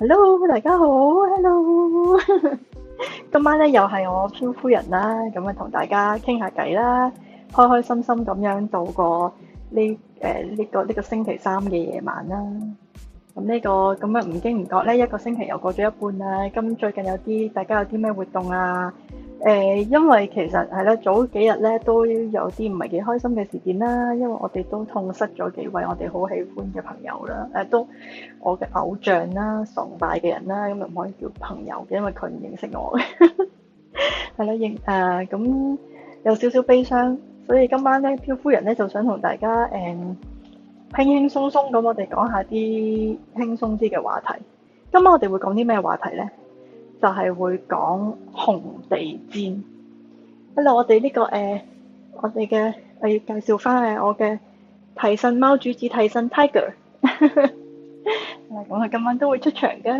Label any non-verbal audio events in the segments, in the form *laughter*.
Hello，大家好。Hello， *laughs* 今晚咧又係我漂夫人啦，咁啊同大家傾下偈啦，開開心心咁樣度過呢誒呢個呢、呢個星期三嘅夜晚啦。咁、嗯這個、呢個咁啊唔經唔覺咧，一個星期又過咗一半啦。咁、嗯、最近有啲大家有啲咩活動啊？誒、呃，因為其實係啦，早幾日咧都有啲唔係幾開心嘅事件啦，因為我哋都痛失咗幾位我哋好喜歡嘅朋友啦，呃、都我嘅偶像啦、崇拜嘅人啦，咁又唔可以叫朋友嘅，因為佢唔認識我。係啦， *laughs* 認、咁、呃、有少少悲傷，所以今晚咧，漂夫人咧就想同大家誒、嗯、輕輕鬆鬆咁，我哋講下啲輕鬆啲嘅話題。今晚我哋會講啲咩話題咧？就係會講紅地氈。咁啊、這個呃，我哋呢個誒，我哋嘅我要介紹翻誒，我嘅替身貓主子替身 Tiger。我 *laughs* 佢今晚都會出場嘅。咁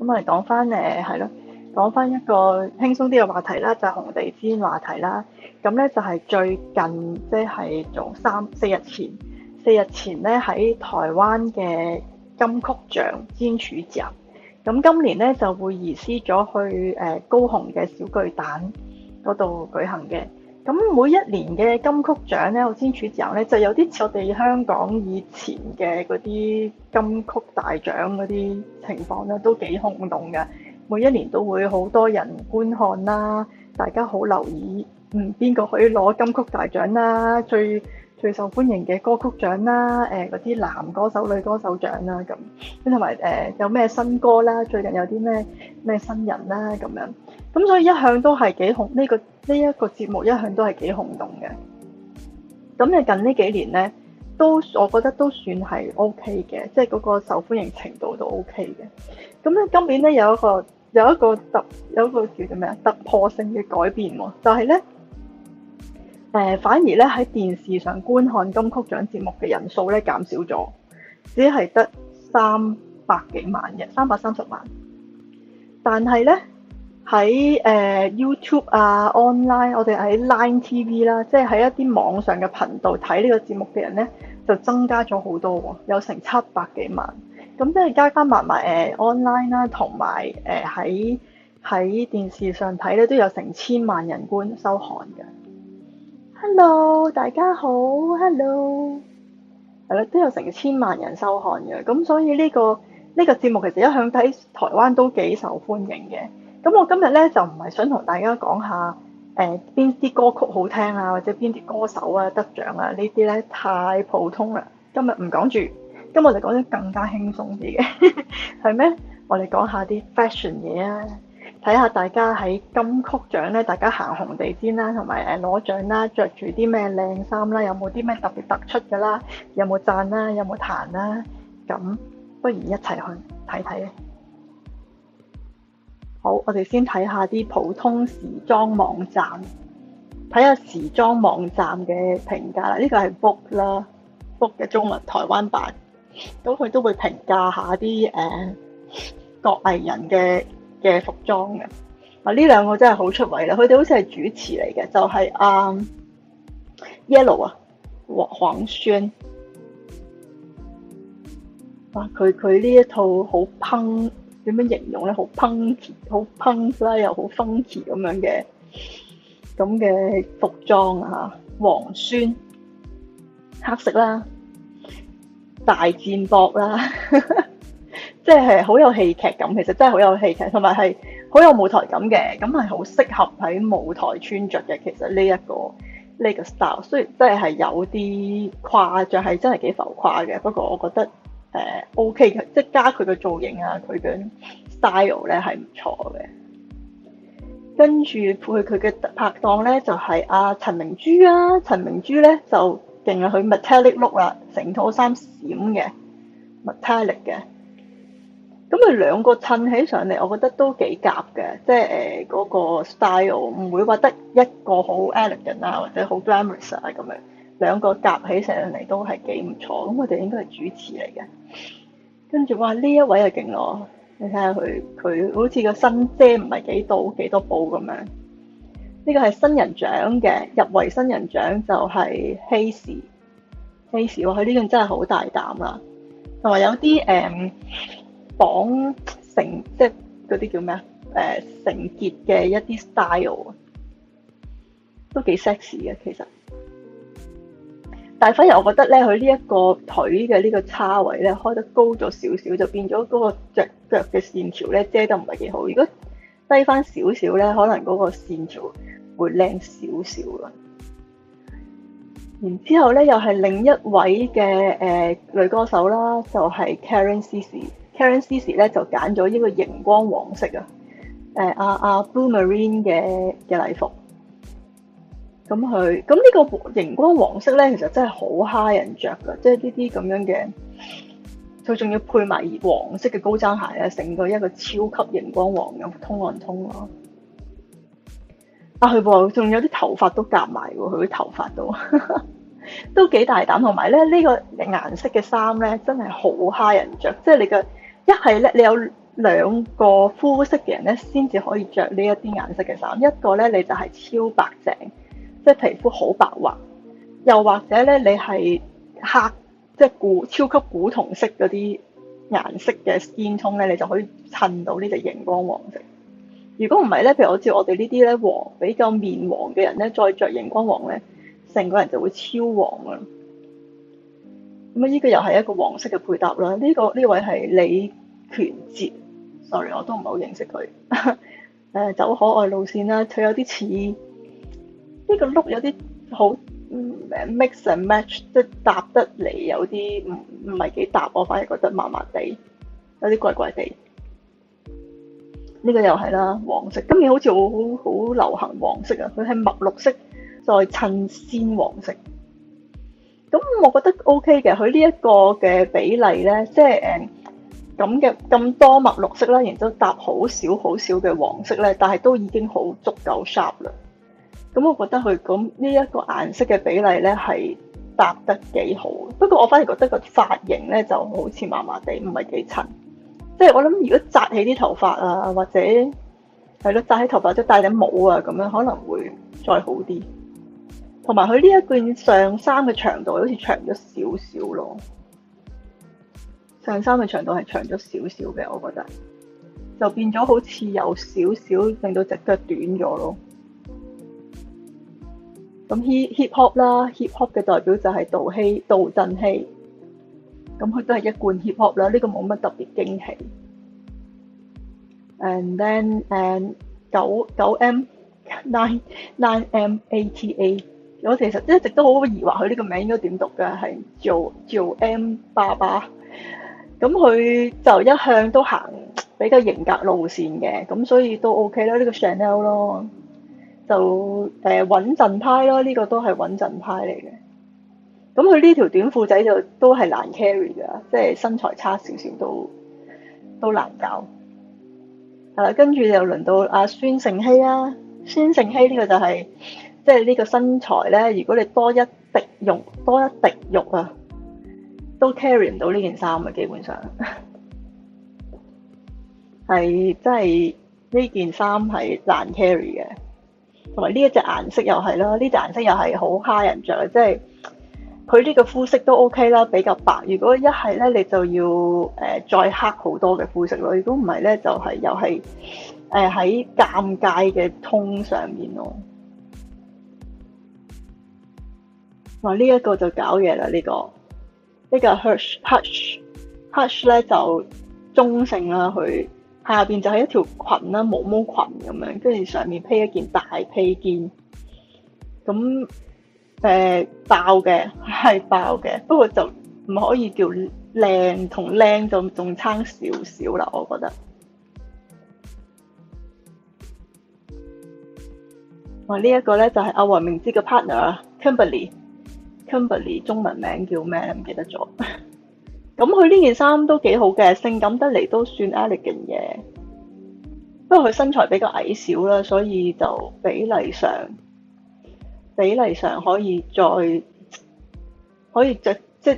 我哋講翻誒，係、呃、咯，講翻一個輕鬆啲嘅話題啦，就係、是、紅地氈話題啦。咁咧就係最近即係從三四日前，四日前咧喺台灣嘅金曲獎頒獎禮。咁今年咧就會移師咗去誒、呃、高雄嘅小巨蛋嗰度舉行嘅。咁每一年嘅金曲獎咧，我先主持完咧，就有啲似我哋香港以前嘅嗰啲金曲大獎嗰啲情況啦，都幾轟動嘅。每一年都會好多人觀看啦，大家好留意，嗯，邊個可以攞金曲大獎啦？最最受歡迎嘅歌曲獎啦，誒嗰啲男歌手、女歌手獎啦，咁，跟同埋誒有咩、呃、新歌啦，最近有啲咩咩新人啦，咁樣，咁所以一向都係幾紅，呢、呢個呢一、呢個節目一向都係幾轟動嘅。咁誒近呢幾年咧，都我覺得都算係 OK 嘅，即係嗰個受歡迎程度都 OK 嘅。咁咧今年咧有一個有一個突有，有一個叫做咩啊突破性嘅改變喎，就係、係、咧。誒、呃，反而咧喺電視上觀看金曲獎節目嘅人數咧減少咗，只係得三百幾萬人，三百三十萬。但係咧喺 YouTube 啊、online，我哋喺 Line TV 啦，即係喺一啲網上嘅頻道睇呢個節目嘅人咧，就增加咗好多喎、哦，有成七百幾萬。咁即係加加埋埋誒 online 啦、啊，同埋誒喺喺電視上睇咧都有成千萬人觀收看嘅。Hello，大家好。Hello，係啦，都有成千萬人收看嘅，咁所以呢個呢個節目其實一向睇台灣都幾受歡迎嘅。咁我今日咧就唔係想同大家講下誒邊啲歌曲好聽啊，或者邊啲歌手啊得獎啊呢啲咧太普通啦。今日唔講住，今日就講得更加輕鬆啲嘅，係 *laughs* 咩？我哋講下啲 fashion 嘢呀。睇下大家喺金曲獎咧，大家行紅地毯啦，同埋誒攞獎啦，着住啲咩靚衫啦，有冇啲咩特別突出嘅啦，有冇讚啦，有冇彈啦，咁不如一齊去睇睇。好，我哋先睇下啲普通時裝網站，睇下時裝網站嘅評價啦。呢個係 Vogue 啦，Vogue 嘅中文台灣版，咁佢都會評價下啲誒各藝人嘅嘅服裝嘅，啊呢兩個真係好出位啦！佢哋好似係主持嚟嘅，就係、是、啊 Yellow 啊黃黃宣，哇佢佢呢一套好 punk，點樣形容咧？好 punk 好 punk 啦，又好 funky 咁樣嘅咁嘅服裝啊嚇，黃宣黑色啦，大戰博啦。 *laughs* 即係好有戲劇感，其實真係好有戲劇，同埋係好有舞台感嘅。咁係好適合喺舞台穿着嘅。其實呢、這、一個呢、這個 style 雖然真係有啲誇張，係真係幾浮誇嘅。不過我覺得誒 O K，即係加佢嘅造型啊，佢嘅 style 咧係唔錯嘅。跟住配佢嘅拍檔咧，就係、是、阿、啊、陳明珠啊。陳明珠咧就勁啊，佢 metallic look 啦，成套衫閃嘅 metallic 嘅。咁佢兩個襯起上嚟，我覺得都幾夾嘅，即係嗰、呃那個 style，唔會話得一個好 elegant 啊，或者好 glamorous 啊咁樣，兩個夾起上嚟都係幾唔錯。咁我哋應該係主持嚟嘅，跟住哇呢一位又勁咯，你睇下佢佢好似個新遮唔係幾到幾多布咁樣，呢、這個係新人獎嘅入圍新人獎就係 h a s e *noise* h a s 佢呢樣真係好大膽啦、啊，同埋有啲綁成即係嗰啲叫咩啊？誒、呃，成結嘅一啲 style 都幾 sexy 嘅其實，但係反而我覺得咧，佢呢一個腿嘅呢個叉位咧開得高咗少少，就變咗嗰個着腳嘅線條咧遮得唔係幾好。如果低翻少少咧，可能嗰個線條會靚少少啦。然之後咧，又係另一位嘅誒、呃、女歌手啦，就係、是、Karencici Karen Cici 咧就揀咗呢個熒光黃色啊！誒阿阿 Blue Marine 嘅嘅禮服，咁佢咁呢個熒光黃色咧，其實真係好 high 人着噶，即係呢啲咁樣嘅，佢仲要配埋黃色嘅高踭鞋啊，成個一個超級熒光黃咁通亮通亮。啊佢喎，仲有啲頭髮都夾埋喎，佢啲頭髮都 *laughs* 都幾大膽。同埋咧呢個顏色嘅衫咧，真係好 high 人着，即係你嘅。一係咧，是你有兩個膚色嘅人咧，先至可以着呢一啲顏色嘅衫。一個咧，你就係超白淨，即係皮膚好白滑；又或者咧，你係黑，即係古超級古銅色嗰啲顏色嘅 skin tone 咧，你就可以襯到呢隻熒光黃色。如果唔係咧，譬如我好似我哋呢啲咧黃比較面黃嘅人咧，再着熒光黃咧，成個人就會超黃啊！咁啊，依個又係一個黃色嘅配搭啦。呢、呢個呢位係李權哲，sorry，我都唔係好認識佢。誒 *laughs* 走可愛路線啦，佢有啲似呢個 look 有啲好、嗯、mix and match，即係搭得嚟有啲唔唔係幾搭，我反而覺得麻麻地，有啲怪怪地。呢、呢個又係啦，黃色。今年好似好好流行黃色啊，佢係墨綠色再襯鮮黃色。咁我覺得 OK 嘅，佢呢一個嘅比例咧，即係誒咁嘅咁多墨綠色啦，然之後搭好少好少嘅黃色咧，但係都已經好足夠 sharp 啦。咁我覺得佢咁呢一個顏色嘅比例咧係搭得幾好。不過我反而覺得個髮型咧就好似麻麻地，唔係幾襯。即係我諗，如果紮起啲頭髮啊，或者係咯紮起頭髮，或者戴頂帽啊，咁樣可能會再好啲。同埋佢呢一件上衫嘅長度好似長咗少少咯，上衫嘅長度係長咗少少嘅，我覺得就變咗好似有少少令到隻腳短咗咯。咁 hip hop 啦，hip hop 嘅代表就係杜熙、杜振熙。咁佢都係一貫 hip hop 啦，呢個冇乜特別驚喜。And then and 九九 M nine nine M eighty eight 我其實一直都好疑惑佢呢個名應該點讀嘅，係 Jo Jo M 爸爸。咁佢就一向都行比較型格路線嘅，咁所以都 OK 啦。呢、這個 Chanel 咯，就誒穩陣派咯，呢、這個都係穩陣派嚟嘅。咁佢呢條短褲仔就都係難 carry 㗎，即、就、係、是、身材差少少都都難搞。係、啊、啦，跟住又輪到阿孫盛希啦，孫盛希呢、啊、個就係、是。即係呢個身材咧，如果你多一滴肉，多一滴肉啊，都 carry 唔到呢件衫啊。基本上係真係呢件衫係難 carry 嘅，同埋呢一隻顏色又係啦，呢隻顏色又係好蝦人着，即係佢呢個膚色都 OK 啦，比較白。如果一係咧，你就要誒再黑好多嘅膚色咯。如果唔係咧，就係又係誒喺尷尬嘅 tone 上面咯。哇！呢、這、一個就搞嘢啦，呢個呢個 hush hush hush 咧就中性啦，佢下邊就係一條裙啦，毛毛裙咁樣，跟住上面披一件大披肩，咁誒爆嘅係爆嘅，不過就唔可以叫靚同靚就仲差少少啦，我覺得。哇！這個、呢一個咧就係、是、阿黃明志嘅 partner 啊，Kimberly。Kimberly 中文名叫咩？唔記得咗。咁佢呢件衫都幾好嘅，性感得嚟都算 elegant 嘅。不過佢身材比較矮小啦，所以就比例上，比例上可以再可以着，即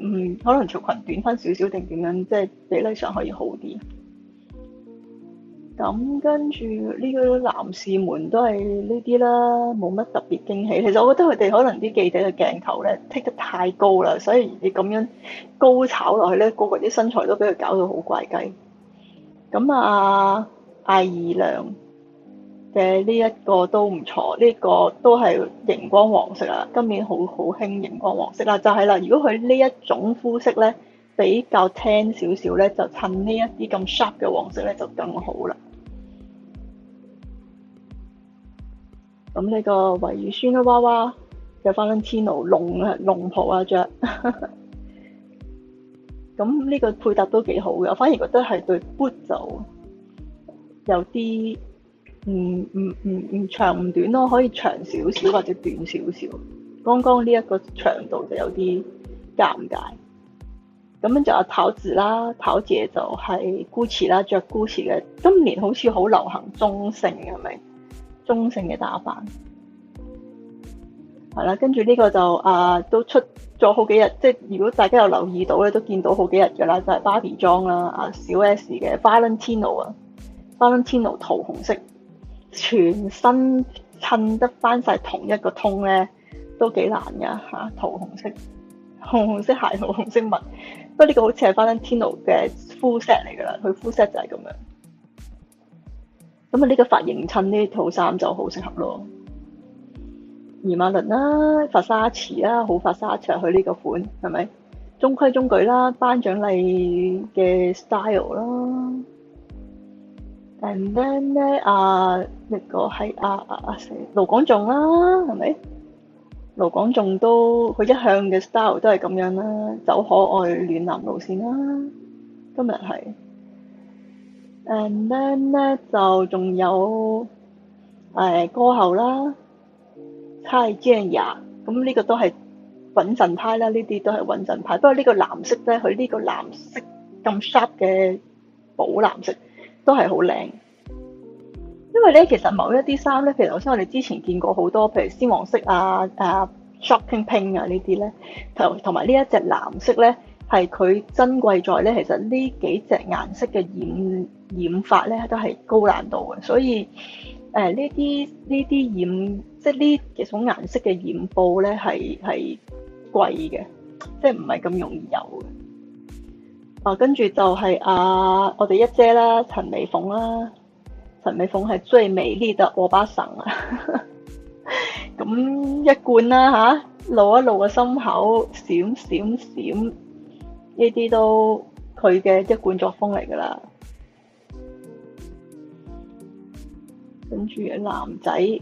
嗯，可能長裙短翻少少定點樣，即係比例上可以好啲。咁、嗯、跟住呢個男士們都係呢啲啦，冇乜特別驚喜。其實我覺得佢哋可能啲記者嘅鏡頭咧剔得太高啦，所以你咁樣高炒落去咧，個個啲身材都俾佢搞到好怪雞。咁啊，艾爾亮嘅呢一個都唔錯，呢、這個都係熒光黃色啊！今年好好興熒光黃色啦，就係、是、啦，如果佢呢一種膚色咧比較 tan 少少咧，就襯呢一啲咁 sharp 嘅黃色咧就更好啦。咁呢個維爾酸啦，娃娃嘅 Valentino 龍，龍啊龍袍啊著，咁呢 *laughs* 個配搭都幾好嘅，我反而覺得係對 boot 就有啲唔唔唔唔長唔短咯、哦，可以長少少或者短少少。剛剛呢一個長度就有啲尷尬。咁樣就係陶子啦，陶姐就係 gucci 啦，着 gucci 嘅。今年好似好流行中性，係咪？中性嘅打扮，係啦，跟住呢個就啊，都出咗好幾日，即係如果大家有留意到咧，都見到好幾日嘅啦，就係、是、Barbie 裝啦、啊，啊小 S 嘅 Valentino 啊，Valentino 桃紅色，全身襯得翻曬同一個 tone 咧，都幾難噶嚇、啊，桃紅色，紅紅色鞋，紅紅色襪，不過呢個好似係 Valentino 嘅 full set 嚟噶啦，佢 full set 就係咁樣。咁啊，呢個髮型襯呢套衫就好適合咯。而馬倫啦、啊，法沙池啦、啊，好法沙池去呢個款係咪中規中矩啦、啊？頒獎禮嘅 style 啦、啊。And then 咧啊，呢、個係啊啊啊，盧廣仲啦、啊，係咪？盧廣仲都佢一向嘅 style 都係咁樣啦、啊，走可愛暖男路線啦、啊。今日係。誒咧、咧就仲有誒、哎、歌喉啦 h i j a n i o 咁呢個都係穩陣派啦，呢啲都係穩陣派。不過呢個藍色咧，佢呢個藍色咁 sharp 嘅寶藍色，都係好靚。因為咧，其實某一啲衫咧，譬如頭先我哋之前見過好多，譬如鮮黃色啊、誒、啊、shocking pink 啊呢啲咧，同同埋呢一隻藍色咧。係佢珍貴在咧，其實幾隻顏呢幾隻顏色嘅染染法咧都係高難度嘅，所以呢啲呢啲染即係呢幾種顏色嘅染布咧係係貴嘅，即係唔係咁容易有嘅。啊，跟住就係啊，我哋一姐啦，陳美鳳啦，陳美鳳係最美麗的歐巴桑啊！咁 *laughs* 一罐啦、啊、下、啊，露一露個心口，閃閃閃。呢啲都佢嘅一貫作風嚟噶啦，跟住男仔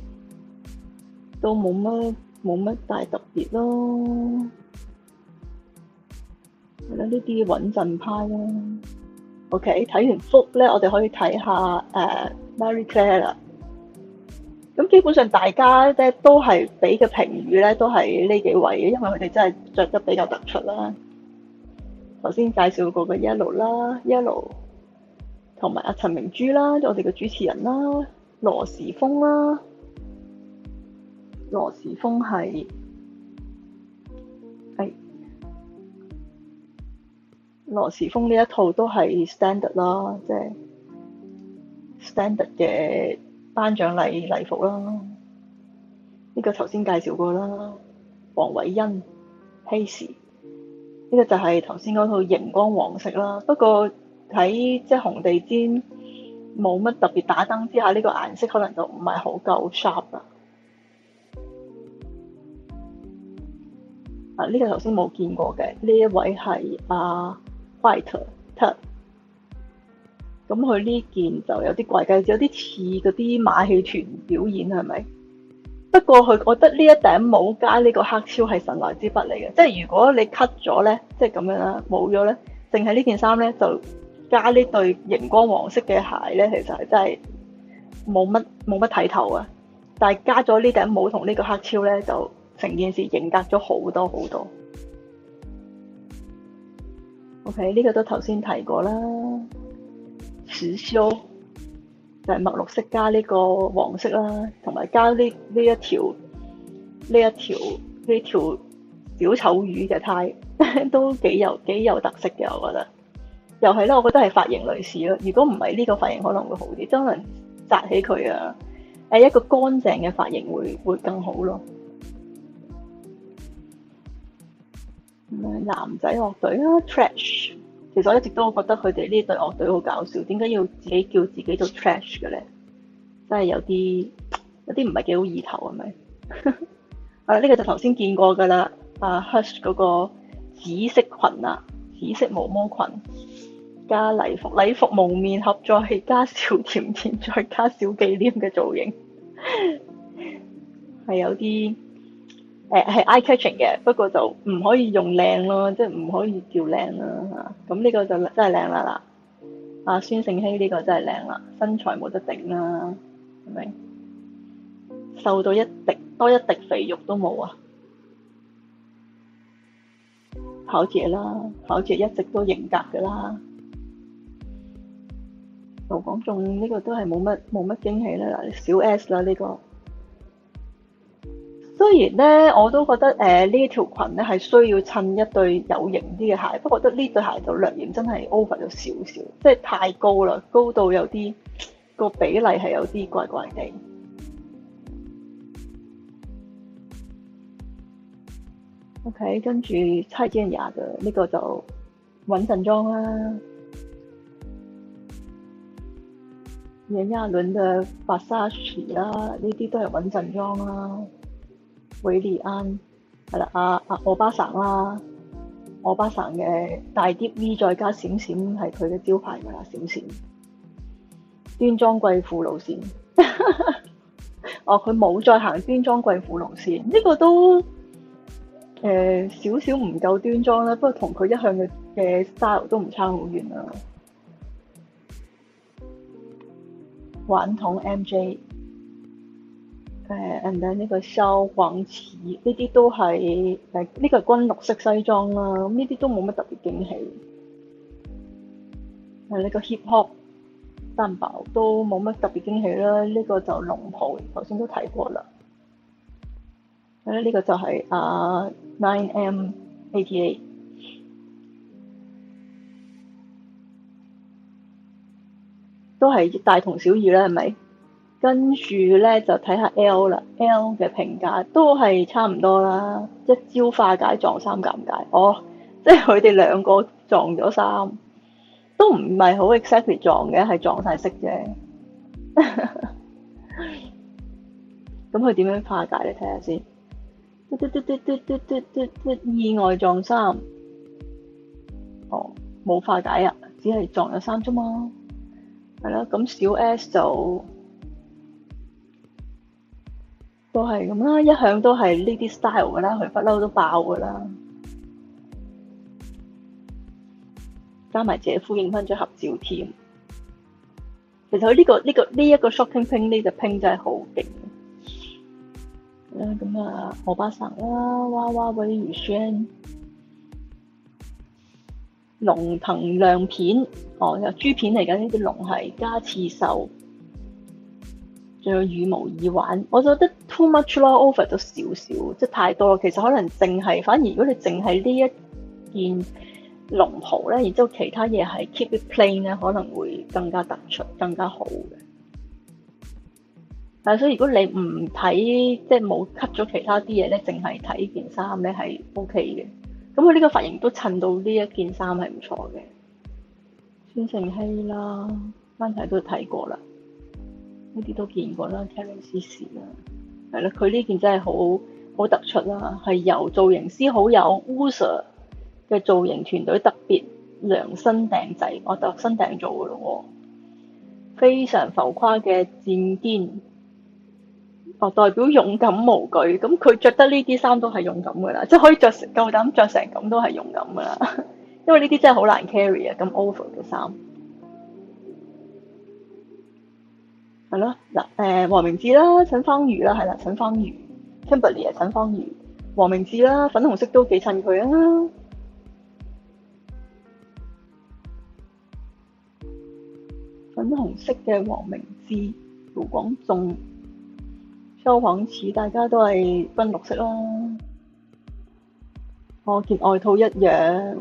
都冇乜冇乜大特別咯，係咯，呢啲穩陣派啦。OK，睇完幅咧，我哋可以睇下誒、uh, Marie Claire 啦。咁基本上大家咧都係俾嘅評語咧都係呢幾位，因為佢哋真係着得比較突出啦。頭先介紹過嘅 Yellow 啦，Yellow 同埋阿陳明珠啦，我哋嘅主持人啦，羅時豐啦，羅時豐係係羅時豐呢一套都係 standard 啦，即係 standard 嘅頒獎禮禮服啦，呢、這個頭先介紹過啦，黃偉欣，Hase。欣呢個就係頭先嗰套熒光黃色啦，不過喺即係紅地氈冇乜特別打燈之下，呢個顏色可能就唔係好夠 sharp 啦。啊，呢個頭先冇見過嘅，呢一位係啊 white t，咁佢呢件就有啲怪怪，有啲似嗰啲馬戲團表演係咪？是不過佢，我覺得呢一頂帽加呢個黑超係神來之筆嚟嘅，即係如果你 cut 咗咧，即係咁樣啦，冇咗咧，淨係呢件衫咧就加呢對熒光黃色嘅鞋咧，其實係真係冇乜冇乜睇頭啊！但係加咗呢頂帽同呢個黑超咧，就成件事型格咗好多好多。OK，呢個都頭先提過啦，刺超。就係墨綠色加呢個黃色啦，同埋加呢呢一條呢一條呢條小丑魚嘅呔都幾有幾有特色嘅，我覺得又係咧，我覺得係髮型類似咯。如果唔係呢個髮型可能會好啲，真能紮起佢啊，誒一個乾淨嘅髮型會會更好咯。男仔樂隊啊 trash。其實我一直都覺得佢哋呢隊樂隊好搞笑，點解要自己叫自己做 trash 嘅咧？真係有啲有啲唔係幾好意頭係咪、 *laughs* 啊這個？啊，呢個就頭先見過㗎啦。啊，Hush 嗰個紫色裙啊，紫色毛毛裙加禮服，禮服蒙面合再加小甜甜再加小忌廉嘅造型係 *laughs* 有啲。誒係 eye-catching 嘅，不過就唔可以用靚咯，即係唔可以叫靚啦嚇。咁呢個就真係靚啦嗱，阿、啊、孫盛希呢個真係靚啦，身材冇得頂啦，係咪？瘦到一滴多一滴肥肉都冇啊！跑姐啦，跑姐一直都型格噶啦。盧廣仲呢個都係冇乜冇乜驚喜啦，小 S 啦呢、呢個。雖然咧，我都覺得誒、呃、呢條裙咧係需要襯一對有型啲嘅鞋，不過覺得呢對鞋就略嫌真係 over 咗少少，即係太高啦，高度有啲個比例係有啲怪怪地。OK，跟住蔡健雅嘅呢、這個就穩陣裝啦，炎亞倫嘅白沙士啦，呢啲都係穩陣裝啦。韋禮安係啦，阿阿奧巴神啦，啊，奧、啊啊、巴神嘅大啲 V 再加閃閃係佢嘅招牌噶啦，閃閃端莊貴婦路線。 *laughs* 哦，佢冇再行端莊貴婦路線，呢、這個都誒少少唔夠端莊啦，不過同佢一向嘅嘅 style 都唔差好遠啦。頑童 MJ。誒，and then 呢個蕭煌奇呢啲都係誒，呢、這個係軍綠色西裝啦，咁呢啲都冇乜特別驚喜。呢、這個 hip hop 擔保都冇乜特別驚喜啦，呢、這個就龍袍，頭先都睇過啦。係啦，呢個就係阿 9m88，都係大同小異啦，係咪？跟住咧就睇下 L 啦，L 嘅評價都係差唔多啦，一招化解撞衫尷尬，哦、oh，即係佢哋兩個撞咗衫，都唔係好 exactly 撞嘅，係撞曬色啫。咁佢點樣化解咧？你睇下先，嘟嘟嘟嘟嘟嘟嘟嘟，意外撞衫，哦，冇化解啊，只係撞咗衫啫嘛，係喇，咁小 S 就。都係咁啦，一向都係呢啲 style 噶啦，佢不嬲都爆噶啦，加埋姐夫影翻張合照添。其實佢、呢、呢個呢、呢個呢一、呢個 shopping ping 呢個 ping 真係好勁，嗯。啊咁啊，我巴桑啦，哇哇嗰啲魚酸龍騰亮片哦，又豬片嚟講呢隻龍係加刺繡。仲有羽毛耳環，我就覺得 too much 咯，over 咗少少，即係太多。其實可能淨係反而如果你淨係呢一件龍袍咧，然之後其他嘢係 keep it plain 咧，可能會更加突出，更加好嘅。但係所以如果你唔睇，即係冇 cut 咗其他啲嘢咧，淨係睇件衫咧係 OK 嘅。咁佢呢個髮型都襯到呢一件衫係唔錯嘅。孫成熙啦，翻睇都睇過啦。呢啲都見過啦，Tiffany 時啦，係啦，佢呢件真係好，好突出啦，係由造型師好友 Walter 嘅造型團隊特別量身訂製，我特身訂做嘅咯喎，非常浮誇嘅戰肩。啊代表勇敢無懼，咁佢着得呢啲衫都係勇敢噶啦，即係可以著夠膽着成咁都係勇敢噶啦，因為呢啲真係好難 carry 啊，咁 over 嘅衫。係咯，嗱、呃，黃明志啦，陳芳語啦，係啦，陳芳語 Kimberley 啊，陳芳語黃明志啦，粉紅色都幾襯佢啊，粉紅色嘅黃明志，盧廣仲，蕭煌奇，大家都係軍綠色啦、啊哦，我件外套一樣 *laughs*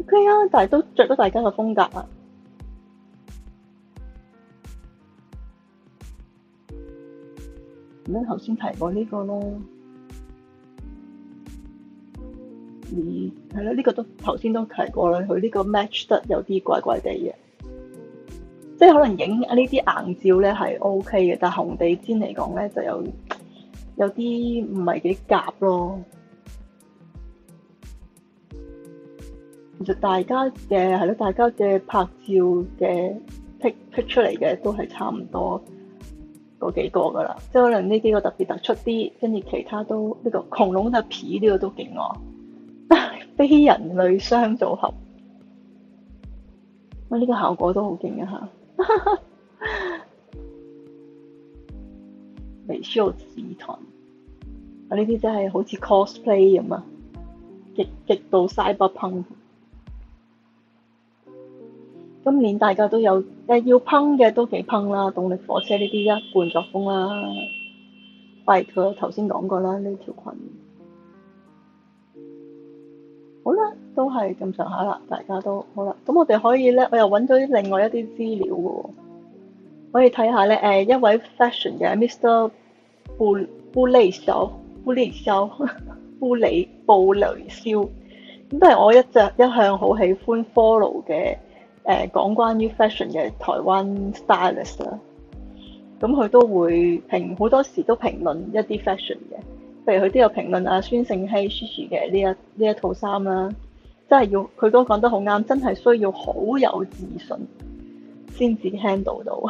，OK 啊，但係都著到大家個風格啊。咁頭先提過呢個咯，嗯係咯，呢、這個都頭先都提過啦。佢、這、呢個 match 得有啲怪怪地嘅，即係可能影呢啲硬照咧係 OK 嘅，但紅地氈嚟講咧就有有啲唔係幾夾咯。其實大家嘅係咯，大家嘅拍照嘅 pick pick 出嚟嘅都係差唔多，嗰幾個噶啦，即係可能呢幾個特別突出啲，跟住其他都呢、這個恐龍嘅皮呢個都勁喎，非人類雙組合，哇、啊！呢、這個效果都好勁一下，美秀集團，啊！呢啲真係好似 cosplay 咁啊，極極度 cyberpunk。今年大家都有要烹嘅都幾烹啦，動力火車呢啲一貫作風啦。喂、哎，佢頭先講過啦，呢條裙好啦，都係咁上下啦，大家都好啦。咁我哋可以咧，我又揾咗另外一啲資料嘅、哦，可以睇下咧。誒，一位 fashion 嘅 Mr. 布布雷肖布雷肖布里布雷肖，咁都係我一隻一向好喜歡 follow 嘅。誒講關於 fashion 嘅台灣 stylist 啦，咁佢都會評好多時都評論一啲 fashion 嘅，譬如佢都有評論阿、啊、孫盛希 Shi Shi 嘅呢一呢一套衫啦，真係要佢都講得好啱，真係需要好有自信先至 handle 到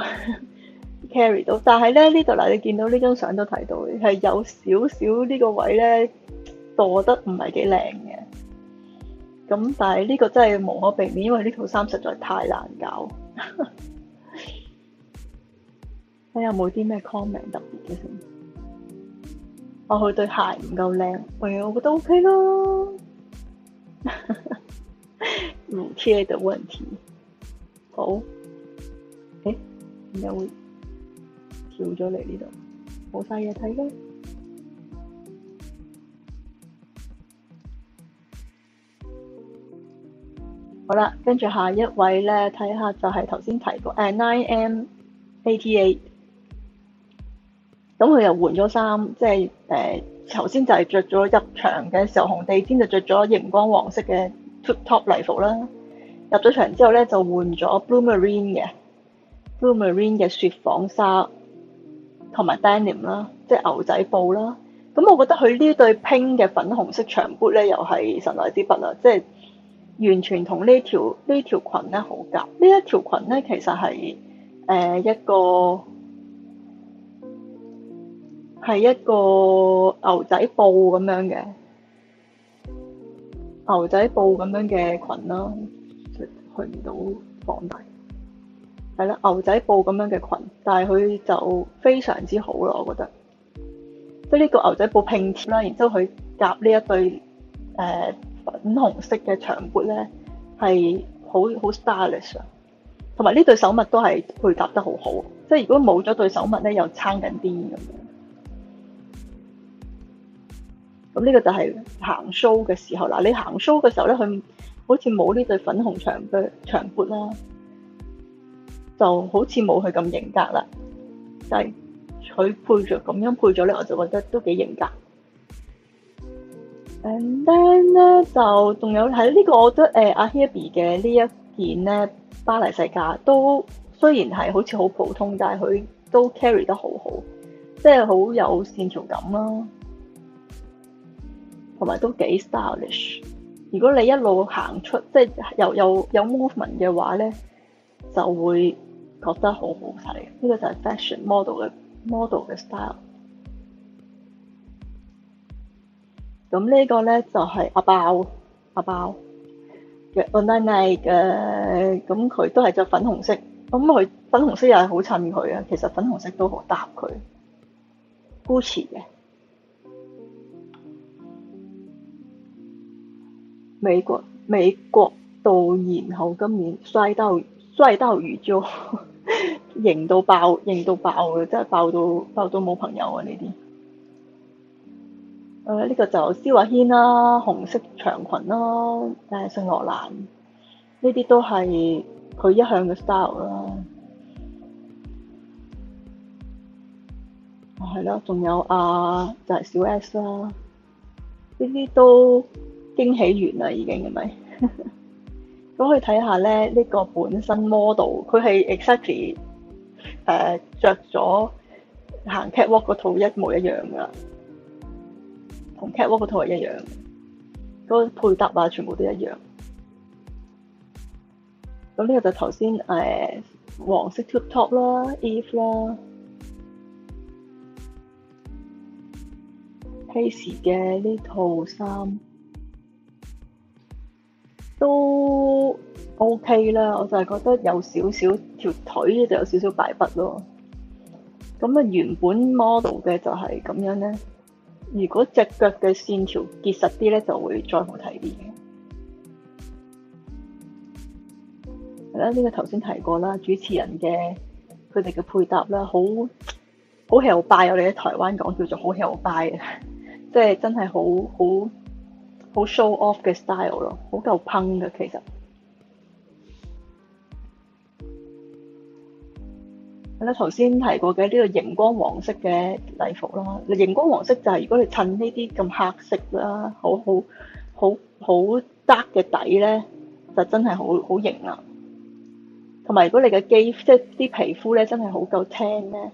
*laughs* carry 到，但係咧呢度嗱，你見到呢張相都睇到係有少少呢個位咧墮得唔係幾靚嘅。咁但係呢個真係無可避免，因為呢套衫實在太難搞了。 *laughs* 睇下有沒冇啲咩 comment 特別嘅先。我、哦、對對鞋唔夠靚，哎，我覺得 OK 啦。乳貼嘅問題。好。誒、欸，點解會跳咗嚟呢度，冇晒嘢睇囉。好啦，跟住下一位咧，睇下就係頭先提過誒 Nine M eighty eight，咁佢又換咗衫，即係誒頭先就係着咗入場嘅時候紅地毯就着咗熒光黃色嘅 tube top 禮服啦，入咗場之後咧就換咗 blue marine 嘅 blue marine 嘅雪紡紗同埋 denim 啦，im，即係牛仔布啦。咁我覺得佢呢對 pink 嘅粉紅色長 boot 咧，又係神來之筆啊！即係完全同呢條呢條裙咧好夾，呢一條裙咧其實係誒、呃、一個係一個牛仔布咁樣嘅牛仔布咁樣嘅裙啦，去唔到房大，係啦，牛仔布咁樣嘅裙，裙，但係佢就非常之好咯，我覺得，即係呢個牛仔布拼貼啦，然之後佢夾呢一對誒。呃粉紅色嘅長 boot 咧，係好好 stylish，同埋呢對手襪都係配搭得好好，即係如果冇咗對手襪咧，又撐緊啲咁樣。咁呢個就係行 show 嘅時候，嗱你行 show 嘅時候咧，佢好似冇呢對粉紅長 boot 長 boot 啦，就好似冇佢咁型格啦。但係佢配着咁樣配咗咧，我就覺得都幾型格。And then 咧就仲有喺呢、呢個我都，我覺得誒阿 Hebe 嘅呢一件咧巴黎世家都雖然係好似好普通，但係佢都 carry 得好好，即係好有線條感啦，同埋都幾 stylish。如果你一路行出，即係又有有，有 movement 嘅話咧，就會覺得很好好睇。呢、呢個就係 fashion model 嘅 model 嘅 style。咁呢個咧就係阿爆，阿爆嘅 online 嘅，嗯，咁佢都係著粉紅色，咁、嗯、佢粉紅色又係好襯佢啊。其實粉紅色都好搭佢，Gucci 嘅。美國，美國導演好今年，帥到帥到宇宙，型到爆型到爆真係爆到爆到冇朋友啊！呢啲誒呢、啊這個就蕭亞軒啦、啊，紅色長裙、啊呃、信這些格啦，誒聖羅蘭呢啲都係佢一向嘅 style 啦。係咯，仲有啊，就係、是、小 S 啦，呢啲都驚喜完啦，已經係咪？咁 *laughs* 可以睇下咧，呢、這個本身 model 佢係 exactly 誒、呃、著咗行 catwalk 嗰套一模一樣噶。Walk 的同 catwalk 套係一樣，嗰、嗰個配搭啊，全部都一樣。咁呢個就頭先誒黃色 turtleneck 啦 Eve 啦 Case 嘅呢套衫都 OK 啦，我就係覺得有少少條腿就有少少敗筆咯。咁啊，原本 model 嘅就係咁樣咧。如果隻腳嘅線條結實啲咧，就會再好睇啲嘅。係啦，呢、呢個頭先提過啦，主持人嘅佢哋嘅配搭啦，好好 helby，l 我哋喺台灣講叫做好 helby l 啊，即 *laughs* 係真係好好好 show off 嘅 style 咯，好夠噴嘅其實。係頭先提過嘅呢個熒光黃色嘅禮服咯。熒光黃色就係如果你襯呢啲咁黑色啦，好好好好 dark 嘅底咧，就真係好好型啊！同埋如果你嘅肌即係啲皮膚咧，真係好夠聽咧，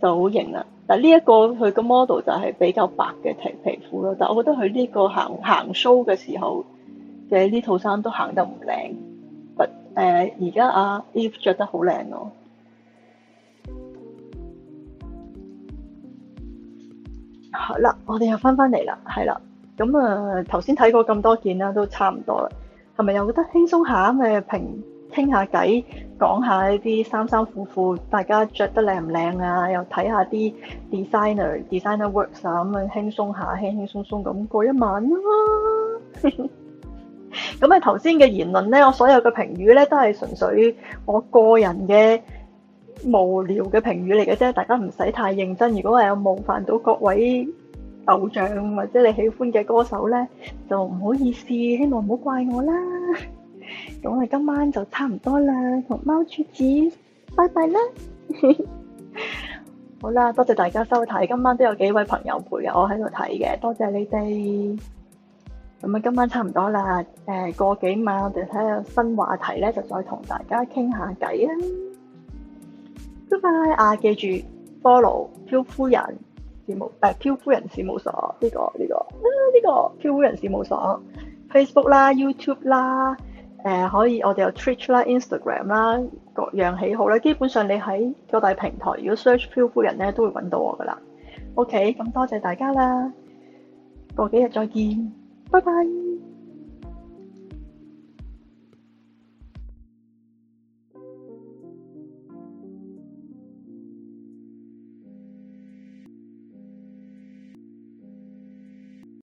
就好型啦。嗱呢一個佢個 model 就係比較白嘅皮皮膚咯，但係我覺得佢呢個行行 show 嘅時候嘅呢套衫都行得唔靚。不誒，而、呃、家阿 Eve 着得好靚咯。好啦，我哋又翻翻嚟啦，係啦，咁啊，頭先睇過咁多件啦，都差唔多啦，係咪又覺得輕鬆下咁咪評，傾下偈，講下呢啲衫衫褲褲，大家着得靚唔靚啊？又睇下啲 designer designer works 啊，咁樣輕鬆下，輕輕鬆鬆咁過一晚啦。咁啊，頭先嘅言論咧，我所有嘅評語咧，都係純粹我個人嘅。無聊嘅評語嚟嘅啫，大家唔使太認真。如果係有冒犯到各位偶像或者你喜歡嘅歌手咧，就唔好意思，希望唔好怪我啦。咁我哋今晚就差唔多啦，同貓柱子拜拜啦。 *laughs* 好啦，多謝大家收睇，今晚都有幾位朋友陪我喺度睇嘅，多謝你哋。咁啊，今晚差唔多啦，誒，過幾晚我哋睇下新話題咧，就再同大家傾下偈啦。拜拜啊！記住 follow 漂夫人事務，誒、哎、漂夫人事務所呢、呢個呢、呢個呢、啊呢個漂夫人事務所 Facebook 啦、YouTube 啦，誒、呃、可以我哋有 Twitch 啦、Instagram 啦，各樣喜好咧。基本上你喺各大平台如果 search 漂夫人咧，都會揾到我噶啦。OK，咁多謝大家啦，過幾日再見，拜拜。